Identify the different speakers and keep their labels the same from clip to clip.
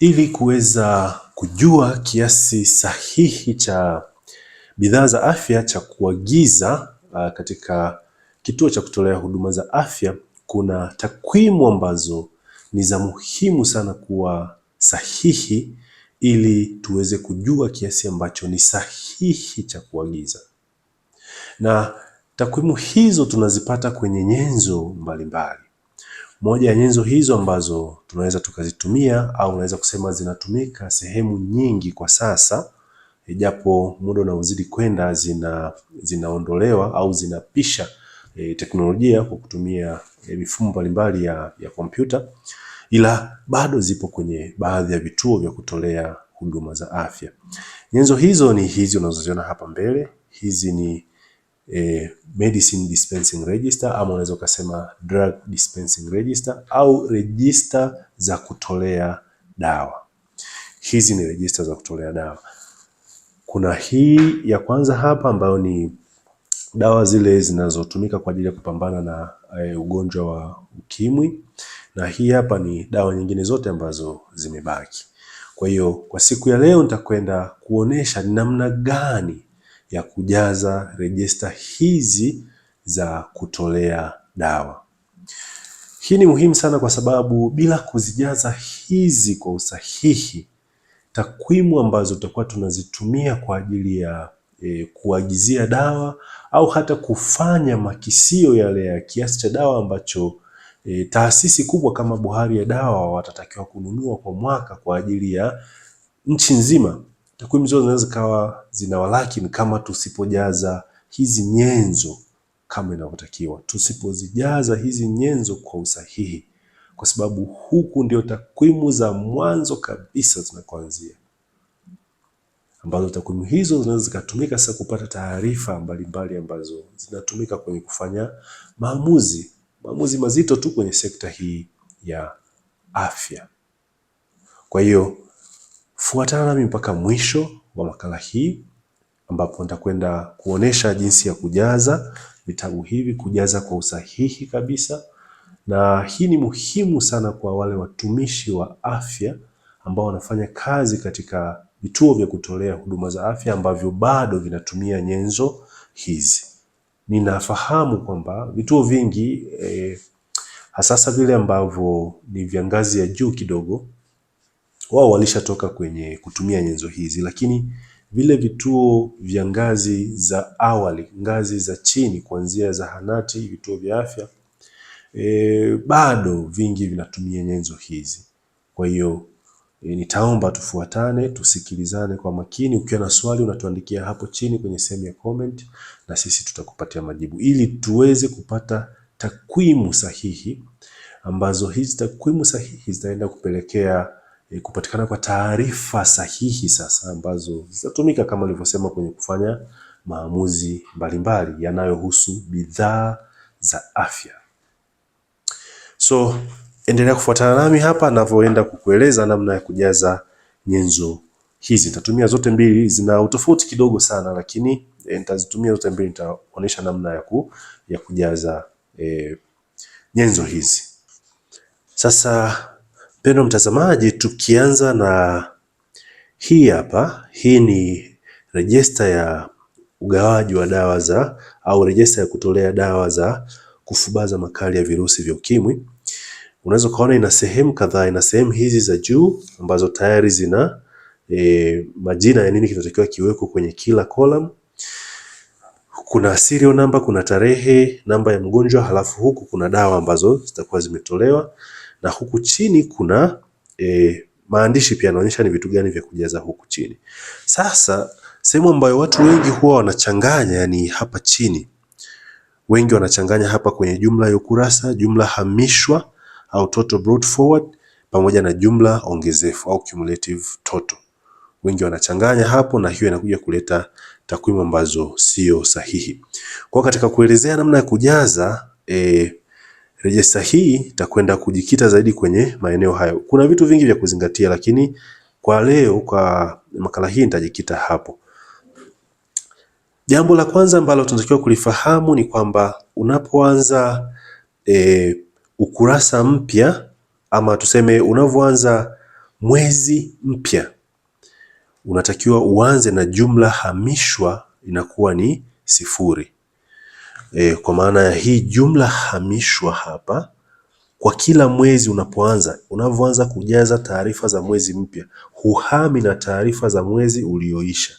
Speaker 1: ili kuweza kujua kiasi sahihi cha bidhaa za afya cha kuagiza ah, katika kituo cha kutolea huduma za afya, kuna takwimu ambazo ni za muhimu sana kuwa sahihi ili tuweze kujua kiasi ambacho ni sahihi cha kuagiza. Na takwimu hizo tunazipata kwenye nyenzo mbalimbali. Moja ya nyenzo hizo ambazo tunaweza tukazitumia au unaweza kusema zinatumika sehemu nyingi kwa sasa, ijapo muda unaozidi kwenda zina zinaondolewa au zinapisha e, teknolojia kwa kutumia e, mifumo mbalimbali ya, ya kompyuta, ila bado zipo kwenye baadhi ya vituo vya kutolea huduma za afya. Nyenzo hizo ni hizi unazoziona hapa mbele, hizi ni eh, medicine dispensing register ama unaweza ukasema drug dispensing register au rejista za kutolea dawa. Hizi ni rejista za kutolea dawa. Kuna hii ya kwanza hapa ambayo ni dawa zile zinazotumika kwa ajili ya kupambana na e, ugonjwa wa ukimwi, na hii hapa ni dawa nyingine zote ambazo zimebaki. Kwa hiyo kwa siku ya leo nitakwenda kuonesha ni namna gani ya kujaza rejista hizi za kutolea dawa. Hii ni muhimu sana kwa sababu bila kuzijaza hizi kwa usahihi, takwimu ambazo tutakuwa tunazitumia kwa ajili ya e, kuagizia dawa au hata kufanya makisio yale ya kiasi cha dawa ambacho e, taasisi kubwa kama Bohari ya Dawa watatakiwa kununua kwa mwaka kwa ajili ya nchi nzima takwimu zote zinaweza zikawa walakini kama tusipojaza hizi nyenzo kama inavyotakiwa, tusipozijaza hizi nyenzo kwa usahihi, kwa sababu huku ndio takwimu za mwanzo kabisa zinakuanzia, ambazo takwimu hizo zinaweza zikatumika sasa kupata taarifa mbalimbali ambazo zinatumika kwenye kufanya maamuzi, maamuzi mazito tu kwenye sekta hii ya afya. Kwa hiyo Fuatana nami mpaka mwisho wa makala hii ambapo nitakwenda kuonesha jinsi ya kujaza vitabu hivi, kujaza kwa usahihi kabisa, na hii ni muhimu sana kwa wale watumishi wa afya ambao wanafanya kazi katika vituo vya kutolea huduma za afya ambavyo bado vinatumia nyenzo hizi. Ninafahamu kwamba vituo vingi eh, hasasa vile ambavyo ni vya ngazi ya juu kidogo wao walishatoka kwenye kutumia nyenzo hizi, lakini vile vituo vya ngazi za awali, ngazi za chini, kuanzia zahanati, vituo vya afya e, bado vingi vinatumia nyenzo hizi. Kwa hiyo e, nitaomba tufuatane, tusikilizane kwa makini. Ukiwa na swali unatuandikia hapo chini kwenye sehemu ya comment, na sisi tutakupatia majibu ili tuweze kupata takwimu sahihi ambazo hizi takwimu sahihi zitaenda kupelekea e, kupatikana kwa taarifa sahihi sasa ambazo zitatumika kama nilivyosema kwenye kufanya maamuzi mbalimbali yanayohusu bidhaa za afya. So endelea kufuatana nami hapa ninavyoenda kukueleza namna ya kujaza nyenzo hizi. Nitatumia zote mbili, zina utofauti kidogo sana, lakini e, nitazitumia zote mbili, nitaonyesha namna ya, ku, ya kujaza e, nyenzo hizi sasa Pendo mtazamaji, tukianza na hii hapa, hii ni rejista ya ugawaji wa dawa za au rejista ya kutolea dawa za kufubaza makali ya virusi vya ukimwi. Unaweza ukaona ina sehemu kadhaa, ina sehemu hizi za juu ambazo tayari zina e, majina ya nini kinatakiwa kiwekwe kwenye kila column. Kuna serial number, kuna tarehe, namba ya mgonjwa, halafu huku kuna dawa ambazo zitakuwa zimetolewa na huku chini kuna e, maandishi pia yanaonyesha ni vitu gani vya kujaza huku chini. Sasa sehemu ambayo watu wengi huwa wanachanganya ni hapa chini, wengi wanachanganya hapa kwenye jumla ya ukurasa, jumla hamishwa au total brought forward, pamoja na jumla ongezefu au cumulative total. Wengi wanachanganya hapo na hiyo inakuja kuleta takwimu ambazo sio sahihi. Kwa katika kuelezea namna ya kujaza eh, Rejista hii itakwenda kujikita zaidi kwenye maeneo hayo. Kuna vitu vingi vya kuzingatia, lakini kwa leo, kwa makala hii nitajikita hapo. Jambo la kwanza ambalo tunatakiwa kulifahamu ni kwamba unapoanza e, ukurasa mpya ama tuseme unavyoanza mwezi mpya unatakiwa uanze na jumla hamishwa inakuwa ni sifuri e, kwa maana ya hii jumla hamishwa hapa kwa kila mwezi unapoanza, unavyoanza kujaza taarifa za mwezi mpya huhami na taarifa za mwezi ulioisha.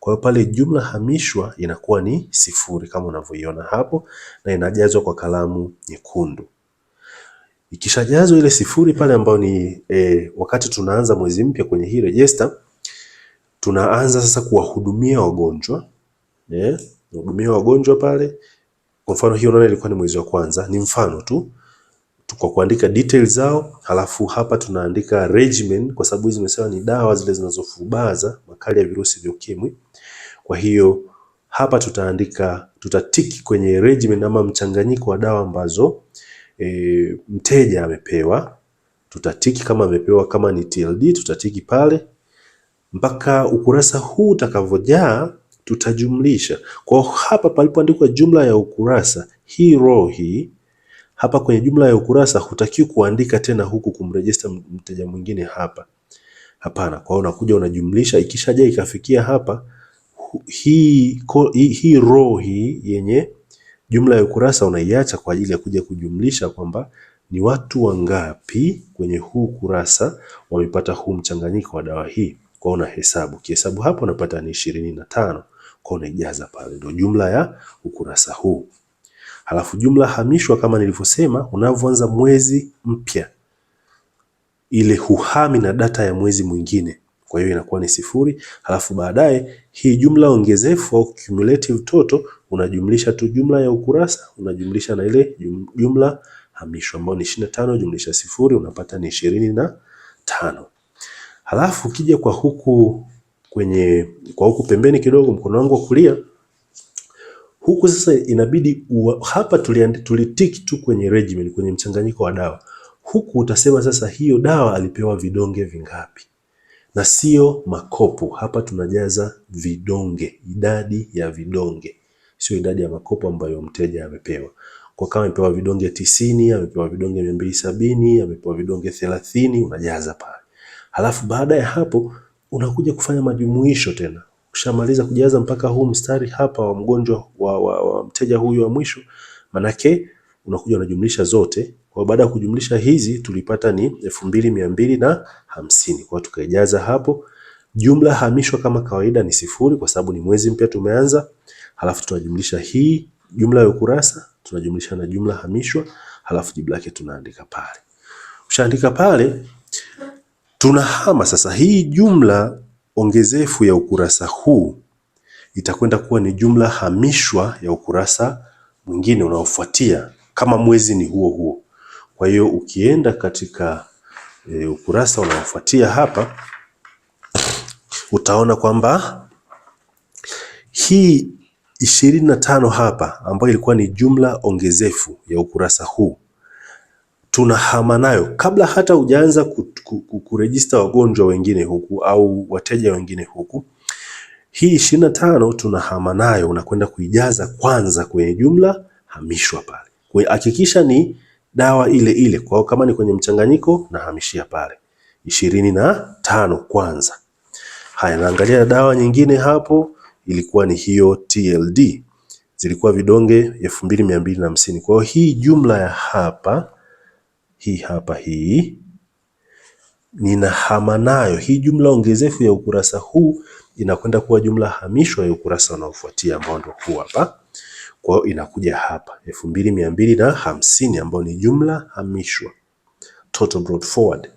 Speaker 1: Kwa hiyo pale jumla hamishwa inakuwa ni sifuri kama unavyoiona hapo, na inajazwa kwa kalamu nyekundu. Ikishajazwa ile sifuri pale ambayo ni e, wakati tunaanza mwezi mpya kwenye hii rejesta, tunaanza sasa kuwahudumia wagonjwa yeah, wagonjwa pale kwa mfano hiyo unaona ilikuwa ni mwezi wa kwanza, ni mfano tu kwa kuandika details zao, halafu hapa tunaandika regimen kwa sababu hizi zimesema ni dawa zile zinazofubaza makali ya virusi vya ukimwi. Kwa hiyo hapa tutaandika, tutatiki kwenye regimen ama mchanganyiko wa dawa ambazo e, mteja amepewa. Tutatiki kama amepewa kama ni TLD tutatiki pale mpaka ukurasa huu utakavyojaa tutajumlisha. Kwa hapa palipoandikwa jumla ya ukurasa, hii row hii hapa kwenye jumla ya ukurasa hutaki kuandika tena huku kumrejista mteja mwingine hapa. Hapana, kwa unakuja unajumlisha, ikishaja ikafikia hapa hii, hii, hii row hii yenye jumla ya ukurasa unaiacha kwa ajili ya kuja kujumlisha kwamba ni watu wangapi kwenye huu kurasa wamepata huu mchanganyiko wa dawa hii. Kwa una hesabu kihesabu hapo unapata ni ishirini na tano kwa unaijaza pale, ndio jumla ya ukurasa huu. Halafu jumla hamishwa, kama nilivyosema, unavyoanza mwezi mpya ile huhami na data ya mwezi mwingine, kwa hiyo inakuwa ni sifuri. Halafu baadaye hii jumla ongezefu au cumulative total unajumlisha tu jumla ya ukurasa unajumlisha na ile jumla hamishwa ambayo ni 25 jumlisha sifuri unapata ni ishirini na tano. Halafu ukija kwa huku kwenye kwa huku pembeni kidogo, mkono wangu wa kulia huku. Sasa inabidi uwa, hapa tulitiki tu kwenye regimen, kwenye mchanganyiko wa dawa. Huku utasema sasa hiyo dawa alipewa vidonge vingapi na sio makopo. Hapa tunajaza vidonge, idadi ya vidonge, sio idadi ya makopo ambayo mteja amepewa. Kwa kama amepewa vidonge tisini, amepewa vidonge mia mbili sabini, amepewa vidonge thelathini, unajaza pale. Halafu baada ya hapo unakuja kufanya majumuisho tena. Ushamaliza kujaza mpaka huu mstari hapa wa mgonjwa wa, wa, wa mteja huyu wa mwisho, manake unakuja unajumlisha zote. Kwa baada ya kujumlisha hizi tulipata ni elfu mbili mia mbili na hamsini. Kwa tukaijaza hapo. Jumla hamishwa kama kawaida ni sifuri kwa sababu ni mwezi mpya tumeanza. Halafu tunajumlisha hii jumla ya ukurasa tunajumlisha na jumla hamishwa, halafu jibu lake tunaandika pale. Ushaandika pale Tunahama sasa, hii jumla ongezefu ya ukurasa huu itakwenda kuwa ni jumla hamishwa ya ukurasa mwingine unaofuatia kama mwezi ni huo huo. Kwa hiyo ukienda katika e, ukurasa unaofuatia hapa utaona kwamba hii ishirini na tano hapa ambayo ilikuwa ni jumla ongezefu ya ukurasa huu tunahama nayo kabla hata hujaanza kurejista wagonjwa wengine huku au wateja wengine huku. Hii ishirini na tano tunahama nayo, unakwenda kuijaza kwanza kwenye jumla hamishwa pale, hakikisha ni dawa ile ile kwao, kama ni kwenye mchanganyiko nahamishia pale ishirini na tano kwanza. Haya, naangalia dawa nyingine hapo ilikuwa ni hiyo TLD, zilikuwa vidonge elfu mbili mia mbili na hamsini. Kwa hiyo hii jumla ya hapa hii hapa hii ninahama nayo. Hii jumla ongezefu ya ukurasa huu inakwenda kuwa jumla hamisho ya ukurasa unaofuatia ambao ndio huu hapa. Kwa hiyo inakuja hapa 2250 mbili ambayo ni jumla hamishwa total brought forward.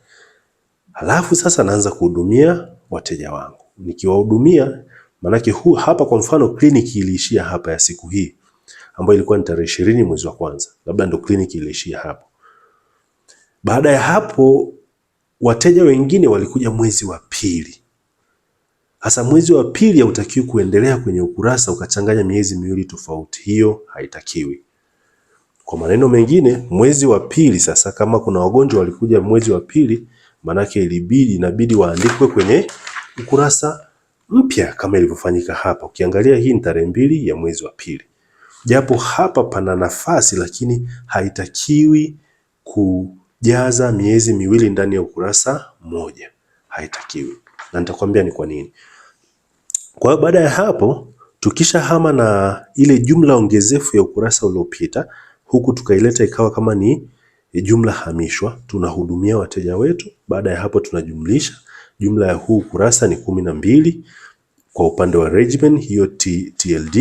Speaker 1: Halafu sasa naanza kuhudumia wateja wangu, nikiwahudumia manake huu hapa, kwa mfano kliniki iliishia hapa ya siku hii ambayo ilikuwa ni tarehe 20 mwezi wa kwanza, labda ndio kliniki iliishia hapo. Baada ya hapo, wateja wengine walikuja mwezi wa pili. hasa mwezi wa pili hautakiwi kuendelea kwenye ukurasa ukachanganya miezi miwili tofauti, hiyo haitakiwi. Kwa maneno mengine, mwezi wa pili sasa, kama kuna wagonjwa walikuja mwezi wa pili, manake ilibidi inabidi waandikwe kwenye ukurasa mpya kama ilivyofanyika hapa. Ukiangalia hii ni tarehe mbili ya mwezi wa pili, japo hapa pana nafasi, lakini haitakiwi ku jaza miezi miwili ndani ya ukurasa mmoja, haitakiwi na nitakwambia ni kwa nini. Kwa hiyo baada ya hapo tukisha hama na ile jumla ongezefu ya ukurasa uliopita huku tukaileta ikawa kama ni jumla hamishwa, tunahudumia wateja wetu. Baada ya hapo tunajumlisha, jumla ya huu ukurasa ni kumi na mbili kwa upande wa regimen hiyo TLD,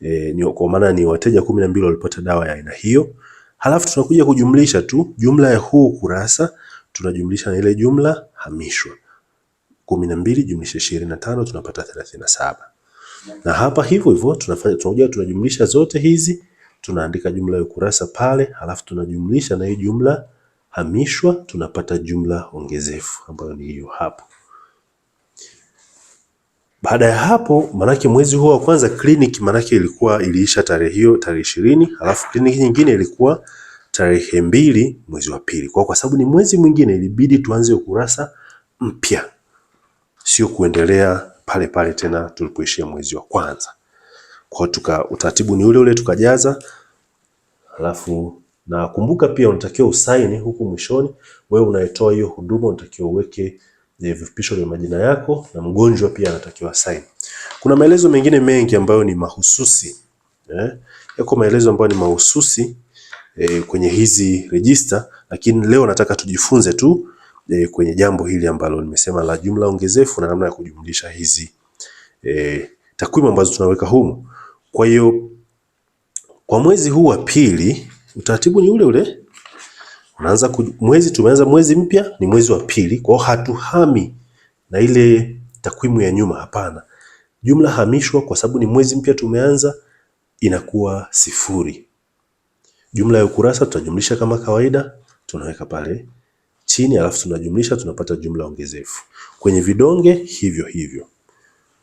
Speaker 1: e, eh, kwa maana ni wateja kumi na mbili walipata dawa ya aina hiyo. Halafu tunakuja kujumlisha tu jumla ya huu kurasa tunajumlisha na ile jumla hamishwa kumi na mbili jumlisha ishirini na tano tunapata thelathini na saba na hapa hivyo hivyo tunafanya tunakuja tunajumlisha zote hizi tunaandika jumla ya kurasa pale, halafu tunajumlisha na hii jumla hamishwa tunapata jumla ongezefu ambayo ni hiyo hapo. Baada ya hapo manake mwezi huo wa kwanza kliniki manake ilikuwa iliisha tarehe hiyo tarehe ishirini, alafu kliniki nyingine ilikuwa tarehe mbili mwezi wa pili. Kwa kwa sababu ni mwezi mwingine ilibidi tuanze ukurasa mpya, sio kuendelea pale pale tena tulipoishia mwezi wa kwanza. Kwa tuka utaratibu ni ule ule tukajaza, alafu na kumbuka pia unatakiwa usaini huku mwishoni, wewe unayetoa hiyo huduma unatakiwa uweke vifupisho vya majina yako na mgonjwa pia anatakiwa sign. Kuna maelezo mengine mengi ambayo ni mahususi eh? Yako maelezo ambayo ni mahususi eh, kwenye hizi register, lakini leo nataka tujifunze tu eh, kwenye jambo hili ambalo nimesema la jumla ongezefu na namna ya kujumlisha hizi eh, takwimu ambazo tunaweka humu. Kwa hiyo kwa mwezi huu wa pili utaratibu ni ule ule unaanza mwezi, tumeanza mwezi mpya, ni mwezi wa pili. Kwa hiyo hatuhami na ile takwimu ya nyuma, hapana. Jumla hamishwa kwa sababu ni mwezi mpya tumeanza, inakuwa sifuri. Jumla ya ukurasa tutajumlisha kama kawaida, tunaweka pale chini, alafu tunajumlisha, tunapata jumla ongezefu. Kwenye vidonge hivyo hivyo,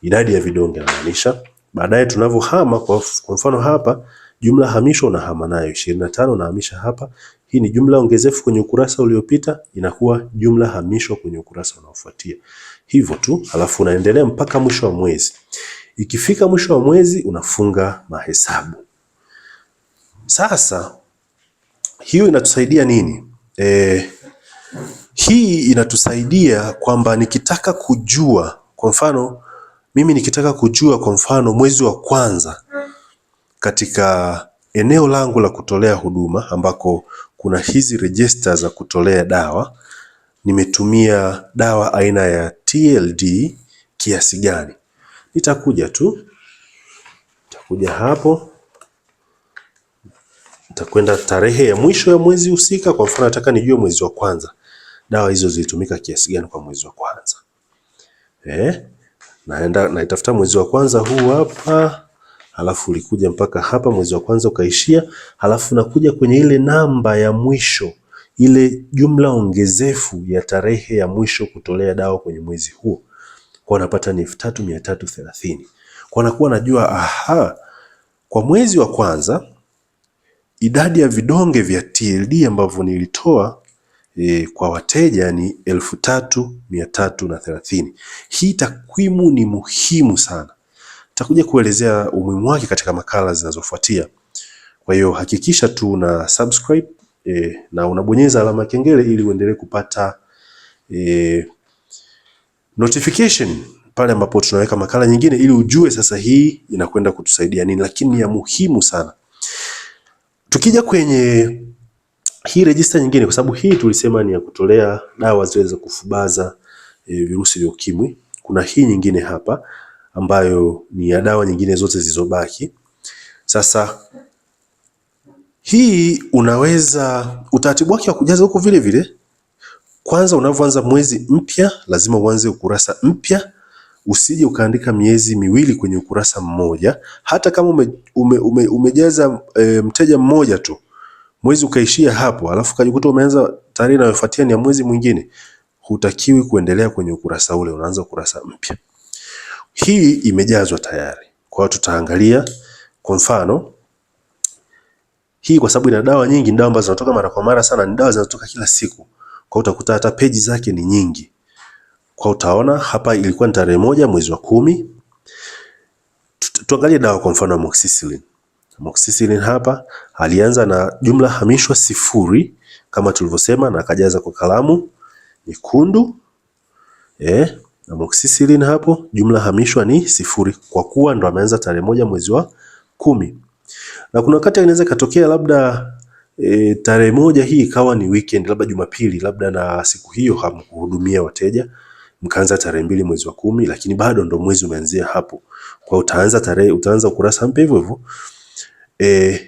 Speaker 1: idadi ya vidonge inamaanisha baadaye tunavyohama. Kwa mfano hapa Jumla hamisho unahama nayo 25 na tano unahamisha hapa. Hii ni jumla ongezefu kwenye ukurasa uliopita, inakuwa jumla hamisho kwenye ukurasa unaofuatia. Hivyo tu, alafu unaendelea mpaka mwisho wa mwezi. Ikifika mwisho wa mwezi unafunga mahesabu. Sasa hiyo inatusaidia nini? E, hii inatusaidia kwamba nikitaka kujua kwa mfano mimi nikitaka kujua kwa mfano mwezi wa kwanza katika eneo langu la kutolea huduma ambako kuna hizi rejista za kutolea dawa, nimetumia dawa aina ya TLD kiasi gani? Nitakuja tu, nitakuja hapo, nitakwenda tarehe ya mwisho ya mwezi husika. Kwa mfano, nataka nijue mwezi wa kwanza dawa hizo zilitumika kiasi gani kwa mwezi wa kwanza eh? Naenda naitafuta mwezi wa kwanza huu hapa halafu ulikuja mpaka hapa mwezi wa kwanza ukaishia, halafu unakuja kwenye ile namba ya mwisho, ile jumla ongezefu ya tarehe ya mwisho kutolea dawa kwenye mwezi huo, kwa unapata ni 3330 thelathini kwa nakuwa najua aha, kwa mwezi wa kwanza idadi ya vidonge vya TLD ambavyo nilitoa e, kwa wateja ni elfu tatu mia tatu na thelathini. Hii takwimu ni muhimu sana. Takuja kuelezea umuhimu wake katika makala zinazofuatia. Kwa hiyo hakikisha tu una subscribe e, na unabonyeza alama kengele ili uendelee kupata e, notification pale ambapo tunaweka makala nyingine ili ujue sasa hii inakwenda kutusaidia nini, lakini ni ya muhimu sana. Tukija kwenye hii rejista nyingine, kwa sababu hii tulisema ni ya kutolea dawa zile za kufubaza e, virusi vya ukimwi. Kuna hii nyingine hapa ambayo ni ya dawa nyingine zote zilizobaki. Sasa hii unaweza utaratibu wake wa kujaza huko vile vile. Kwanza unavyoanza mwezi mpya, lazima uanze ukurasa mpya. Usije ukaandika miezi miwili kwenye ukurasa mmoja, hata kama ume, ume, ume, umejaza e, mteja mmoja tu mwezi ukaishia hapo, alafu kajikuta umeanza tarehe inayofuatia ni ya mwezi mwingine, hutakiwi kuendelea kwenye ukurasa ule, unaanza ukurasa mpya. Hii imejazwa tayari, kwa hiyo tutaangalia kwa mfano hii, kwa sababu ina dawa nyingi, dawa ambazo zinatoka mara kwa mara sana, ni dawa zinazotoka kila siku, kwa hiyo utakuta hata peji zake ni nyingi. Kwa utaona hapa ilikuwa ni tarehe moja mwezi wa kumi. Tuangalie dawa kwa mfano amoxicillin. Amoxicillin hapa alianza na jumla hamishwa sifuri kama tulivyosema, na akajaza kwa kalamu nyekundu eh amoxicillin hapo, jumla hamishwa ni sifuri kwa kuwa ndo ameanza tarehe moja mwezi wa kumi. Na kuna wakati inaweza katokea labda e, tarehe moja hii ikawa ni weekend, labda Jumapili, labda na siku hiyo hamkuhudumia wateja mkaanza tarehe mbili mwezi wa kumi, lakini bado ndo mwezi umeanzia hapo. Kwa utaanza tarehe, utaanza ukurasa mpya hivyo hivyo. E,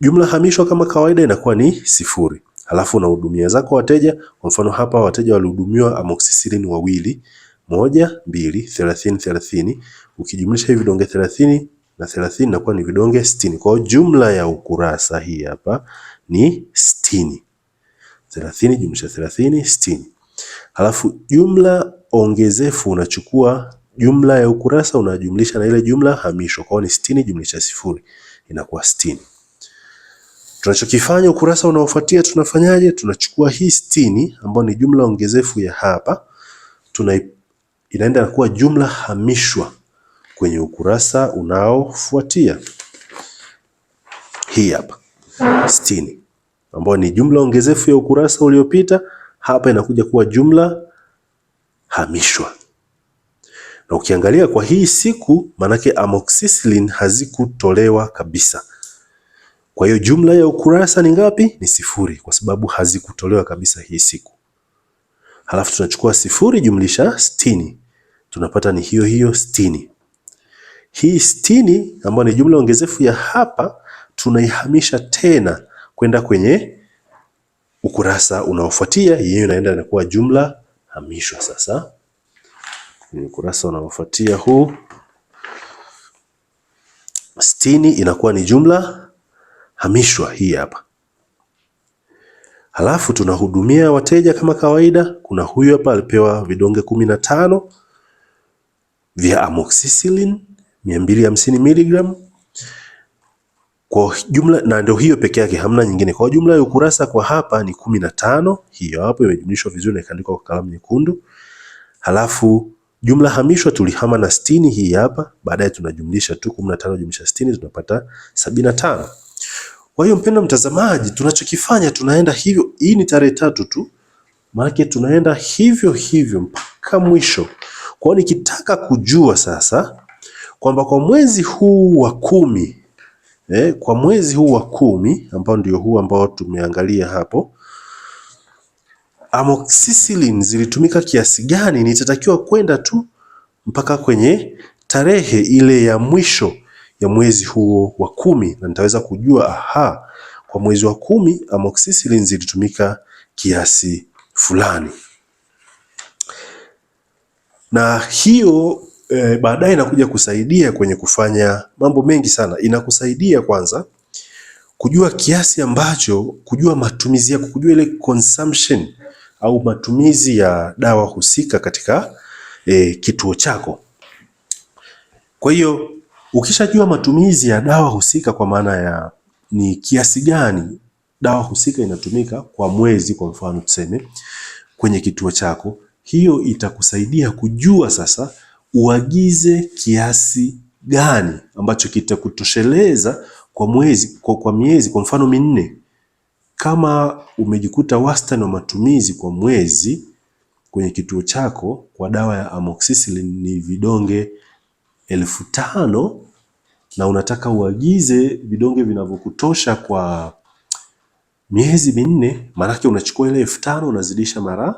Speaker 1: jumla hamishwa kama kawaida inakuwa ni sifuri. Halafu na hudumia zako wateja. Kwa mfano hapa wateja walihudumiwa amoxicillin wawili moja, mbili, thelathini, thelathini. Ukijumlisha hivi vidonge thelathini na thelathini inakuwa ni vidonge sitini. Kwa hiyo jumla ya ukurasa hii hapa ni sitini. Thelathini jumlisha thelathini, sitini. Halafu jumla ongezefu unachukua jumla ya ukurasa unajumlisha na ile jumla hamisho. Kwa hiyo ni sitini jumlisha sifuri inakuwa sitini. Tunachokifanya ukurasa unaofuatia tunafanyaje? Tunachukua hii sitini ambayo ni jumla ongezefu ya hapa tunai inaenda kuwa jumla hamishwa kwenye ukurasa unaofuatia. Hii hapa 60 ambayo ni jumla ongezefu ya ukurasa uliopita, hapa inakuja kuwa jumla hamishwa. Na ukiangalia kwa hii siku, manake amoxicillin hazikutolewa kabisa. Kwa hiyo jumla ya ukurasa ni ngapi? Ni sifuri, kwa sababu hazikutolewa kabisa hii siku halafu tunachukua sifuri jumlisha sitini, tunapata ni hiyo hiyo sitini. Hii sitini ambayo ni jumla ongezefu ya hapa, tunaihamisha tena kwenda kwenye ukurasa unaofuatia, yenyewe inaenda inakuwa jumla hamishwa. Sasa ni ukurasa unaofuatia huu, sitini inakuwa ni jumla hamishwa hii hapa Halafu tunahudumia wateja kama kawaida. Kuna huyu hapa alipewa vidonge kumi na tano vya amoxicillin 250 mg kwa jumla, na ndio hiyo peke yake, hamna nyingine. Kwa jumla ya ukurasa kwa hapa ni kumi na tano. Hiyo hapo imejumlishwa vizuri na ikaandikwa kwa kalamu nyekundu. Halafu jumla hamishwa tulihama na 60 hii hapa, baadaye tunajumlisha tu 15 jumlisha 60 tunapata 75. Kwa hiyo mpendwa mtazamaji, tunachokifanya tunaenda hivyo, hii ni tarehe tatu tu, maana tunaenda hivyo hivyo mpaka mwisho. Kwa hiyo nikitaka kujua sasa kwamba kwa mwezi huu wa kumi eh, kwa mwezi huu wa kumi ambao ndio huu ambao tumeangalia hapo amoxicillin zilitumika kiasi gani, nitatakiwa kwenda tu mpaka kwenye tarehe ile ya mwisho ya mwezi huo wa kumi, na nitaweza kujua aha, kwa mwezi wa kumi amoxicillin zilitumika kiasi fulani. Na hiyo e, baadaye inakuja kusaidia kwenye kufanya mambo mengi sana. Inakusaidia kwanza kujua kiasi ambacho, kujua matumizi yako, kujua ile consumption au matumizi ya dawa husika katika e, kituo chako. Kwa hiyo Ukishajua matumizi ya dawa husika kwa maana ya ni kiasi gani dawa husika inatumika kwa mwezi, kwa mfano tuseme kwenye kituo chako, hiyo itakusaidia kujua sasa uagize kiasi gani ambacho kitakutosheleza kwa mwezi, kwa, kwa miezi kwa mfano minne. Kama umejikuta wastani wa matumizi kwa mwezi kwenye kituo chako kwa dawa ya amoxicillin ni vidonge elfu tano na unataka uagize vidonge vinavyokutosha kwa miezi minne, maanake unachukua ile elfu tano unazidisha mara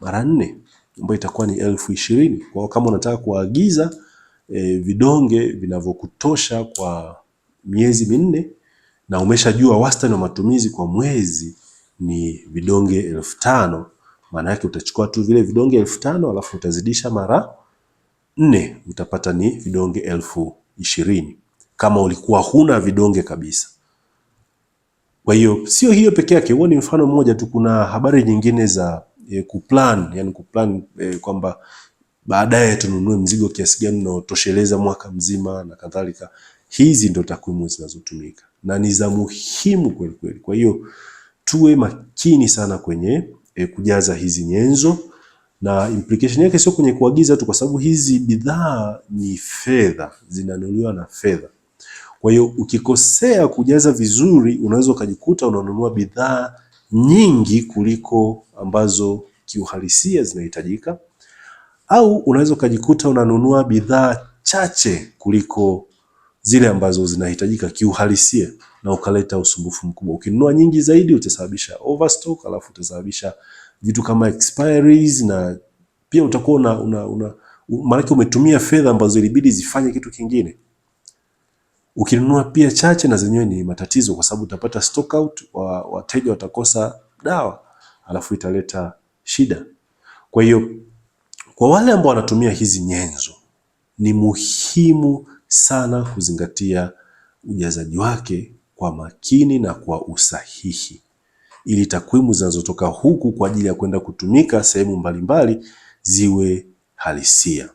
Speaker 1: mara nne ambayo itakuwa ni elfu ishirini. Kwa kama unataka kuagiza e, vidonge vinavyokutosha kwa miezi minne na umeshajua wastani wa matumizi kwa mwezi ni vidonge elfu tano maana yake utachukua tu vile vidonge elfu tano alafu utazidisha mara nne utapata ni vidonge elfu ishirini kama ulikuwa huna vidonge kabisa. Kwa hiyo sio hiyo peke yake, huo ni mfano mmoja tu. Kuna habari nyingine za e, kuplan, yani kuplan e, kwamba baadaye tununue mzigo kiasi gani unaotosheleza mwaka mzima na kadhalika. Hizi ndo takwimu zinazotumika na ni za muhimu kweli kweli. Kwa hiyo tuwe makini sana kwenye e, kujaza hizi nyenzo na implication yake sio kwenye kuagiza tu, kwa sababu hizi bidhaa ni fedha, zinanunuliwa na fedha. Kwa hiyo ukikosea kujaza vizuri, unaweza ukajikuta unanunua bidhaa nyingi kuliko ambazo kiuhalisia zinahitajika, au unaweza ukajikuta unanunua bidhaa chache kuliko zile ambazo zinahitajika kiuhalisia na ukaleta usumbufu mkubwa. Ukinunua nyingi zaidi utasababisha overstock, alafu utasababisha vitu kama expiries, na pia utakuwa una, una, una maanake umetumia fedha ambazo ilibidi zifanye kitu kingine. Ukinunua pia chache, na zenyewe ni matatizo, kwa sababu utapata stock out, wateja watakosa dawa, alafu italeta shida. Kwa hiyo kwa wale ambao wanatumia hizi nyenzo, ni muhimu sana kuzingatia ujazaji wake kwa makini na kwa usahihi ili takwimu zinazotoka huku kwa ajili ya kwenda kutumika sehemu mbalimbali ziwe halisia.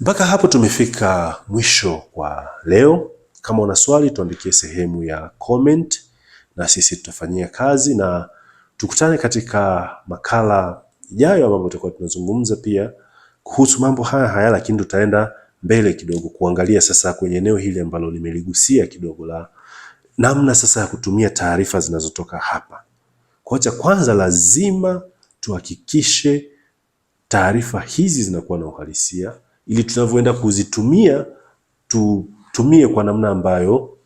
Speaker 1: Mpaka hapo tumefika mwisho kwa leo. Kama una swali, tuandikie sehemu ya comment na sisi tutafanyia kazi, na tukutane katika makala ijayo ambapo tutakuwa tunazungumza pia kuhusu mambo haya haya, lakini tutaenda mbele kidogo kuangalia sasa kwenye eneo hili ambalo nimeligusia kidogo la namna sasa ya kutumia taarifa zinazotoka hapa. Kwa cha kwanza, lazima tuhakikishe taarifa hizi zinakuwa na uhalisia, ili tunavyoenda kuzitumia tutumie kwa namna ambayo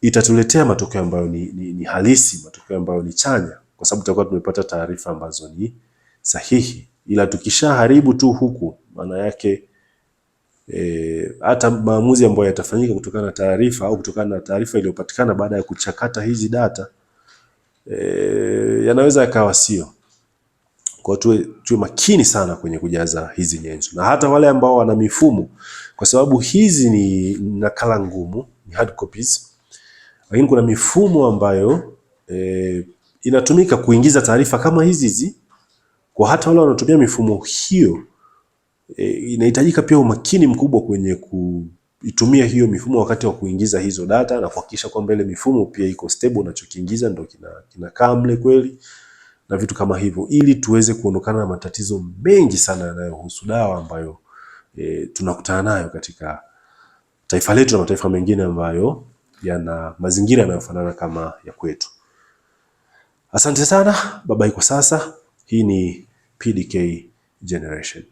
Speaker 1: itatuletea matokeo ambayo ni, ni, ni halisi, matokeo ambayo ni chanya, kwa sababu tutakuwa tumepata taarifa ambazo ni sahihi. Ila tukishaharibu tu huku, maana yake E, hata maamuzi ambayo yatafanyika kutokana na taarifa au kutokana na taarifa iliyopatikana baada ya kuchakata hizi data e, yanaweza yakawa sio. Kwa tuwe, tuwe makini sana kwenye kujaza hizi nyenzo na hata wale ambao wana mifumo, kwa sababu hizi ni nakala ngumu, ni hard copies, lakini kuna mifumo ambayo e, inatumika kuingiza taarifa kama hizi hizi, kwa hata wale wanaotumia mifumo hiyo e, inahitajika pia umakini mkubwa kwenye kuitumia hiyo mifumo wakati wa kuingiza hizo data na kuhakikisha kwamba ile mifumo pia iko stable, unachokiingiza ndio kinakaa mle kweli na vitu kama hivyo, ili tuweze kuondokana na matatizo mengi sana yanayohusu dawa ambayo e, tunakutana nayo katika taifa letu na mataifa mengine ambayo yana mazingira yanayofanana kama ya kwetu. Asante sana, babai kwa sasa. Hii ni PDK Generation.